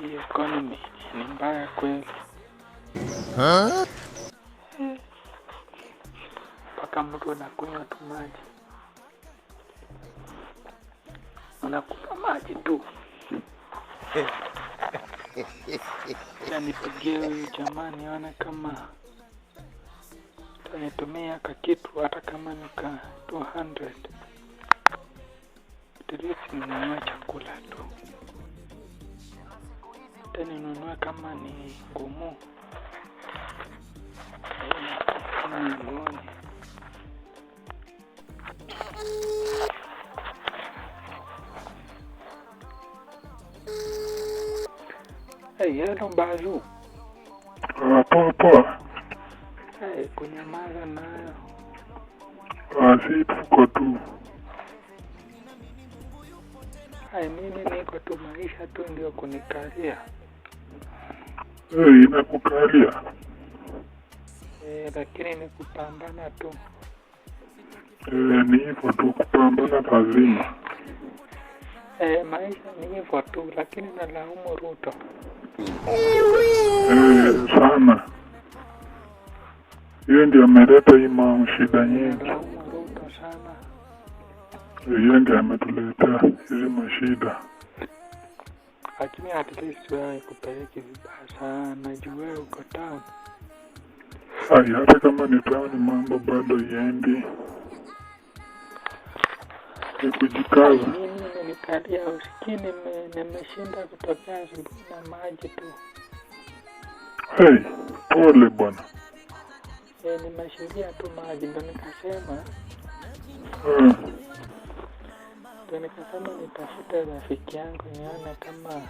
Hii economy ni mbaya kweli mpaka mtu anakunywa tu maji, anakunywa maji tu. Tanipigia huyu jamaa nione kama tanitumia kakitu, hata kama nika 200 at least chakula tu hata ninunue kama ni ngumu milioni Bazu. Ah, Hey, kunyamaza nayo. Ah, si tuko tu. Hai, mimi niko tu, maisha tu ndio kunikalia. Hey, eh, imekukalia eh, lakini ni kupambana tu eh, ni hivyo tu, kupambana lazima eh, maisha ni hivyo tu, lakini nalaumu Ruto eh, sana. Hiyo ndio ameleta hii mao shida nyingi, sana. Eh, hiyo ndio ametuletea hizi mashida lakini at least wewe ikupeleki vibaya sana juu wewe uko town. Ai, hata kama ni town mambo bado iendi ni kujikaza. Mimi nilikalia usikini, nimeshinda kutokea asubuhi na maji tu. Hey, pole bwana. E, nimeshindia tu maji ndo nikasema hmm nikasema nitafute rafiki yangu nione kama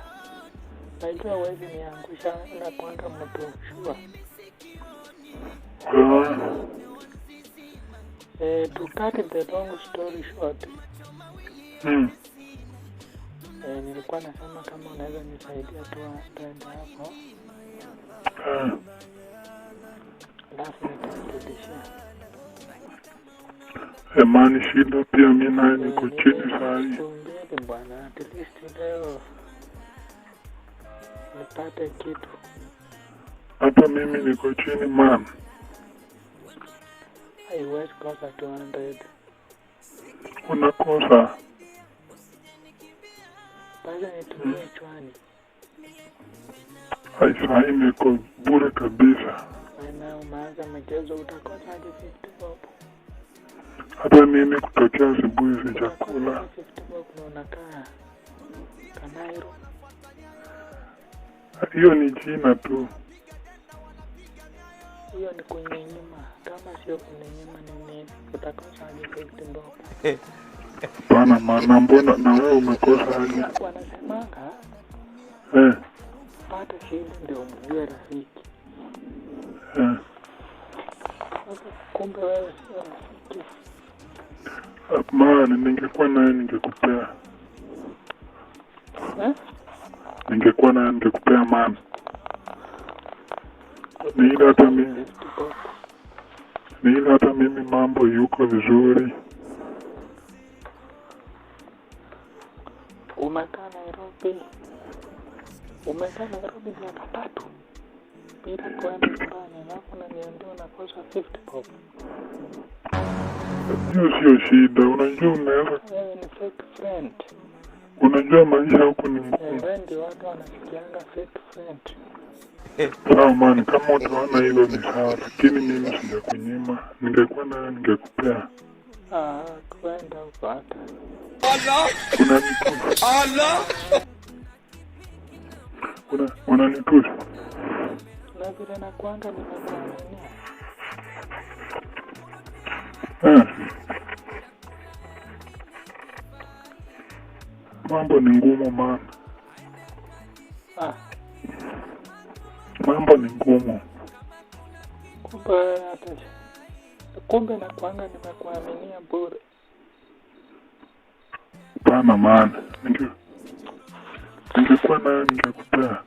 najua wezi niangusha na kwanga mtu shua eh, to cut the long story short hmm. eh, nilikuwa nasema kama unaweza nisaidia tu twende hapo hmm. alafu nitarudishia Emani Shida, pia mi naye niko chini sahii. nipate kitu. Hata mimi niko chini man, kosa Unakosa hmm. Hai, sahii niko bure kabisa. Maana umeanza michezo, utakosaje 50 hata mimi kutokea asubuhi si chakula. Hiyo ni jina tu. Hiyo ni kwenye nyuma Kama sio kwenye nyuma ni nini? Utakosa aje ndogo Bana maana mbona na wewe umekosa aje? wanasemaka eh, pata shida ndio mjue rafiki. Eh. Kumbe wewe sio rafiki. Amani, ningekuwa naye ningekupea eh? Ningekuwa naye ningekupea amani. Ni ile hata mimi ni ile hata mimi mambo yuko vizuri. Umekaa Nairobi, umekaa Nairobi miaka tatu bila kuenda nyumbani, alafu unaniambia unakosa 50 pop hiyo sio shida. Unajua unaweza unajua maisha huku ni ngumu. Sawa mani, kama utaona hilo ni sawa, lakini mimi sijakunyima. Ningekuwa nayo ningekupea. Unanitusi mambo ni ngumu mama. Ah. Mambo ni ngumu. Kumbe hata kumbe na kwanga nimekuaminia bure. Pana maana. Ninge ningekuwa nayo ningekupea.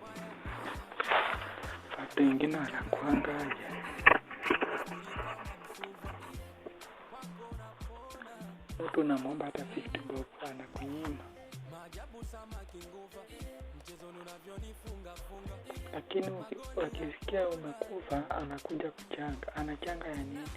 Hata ingine anakuanga aje. Mtu namwomba hata 50 bob anakunyima maajabu sama kinguva mchezoni unavyonifunga funga. Lakini wakisikia umekufa anakuja kuchanga, anachanga ya nini?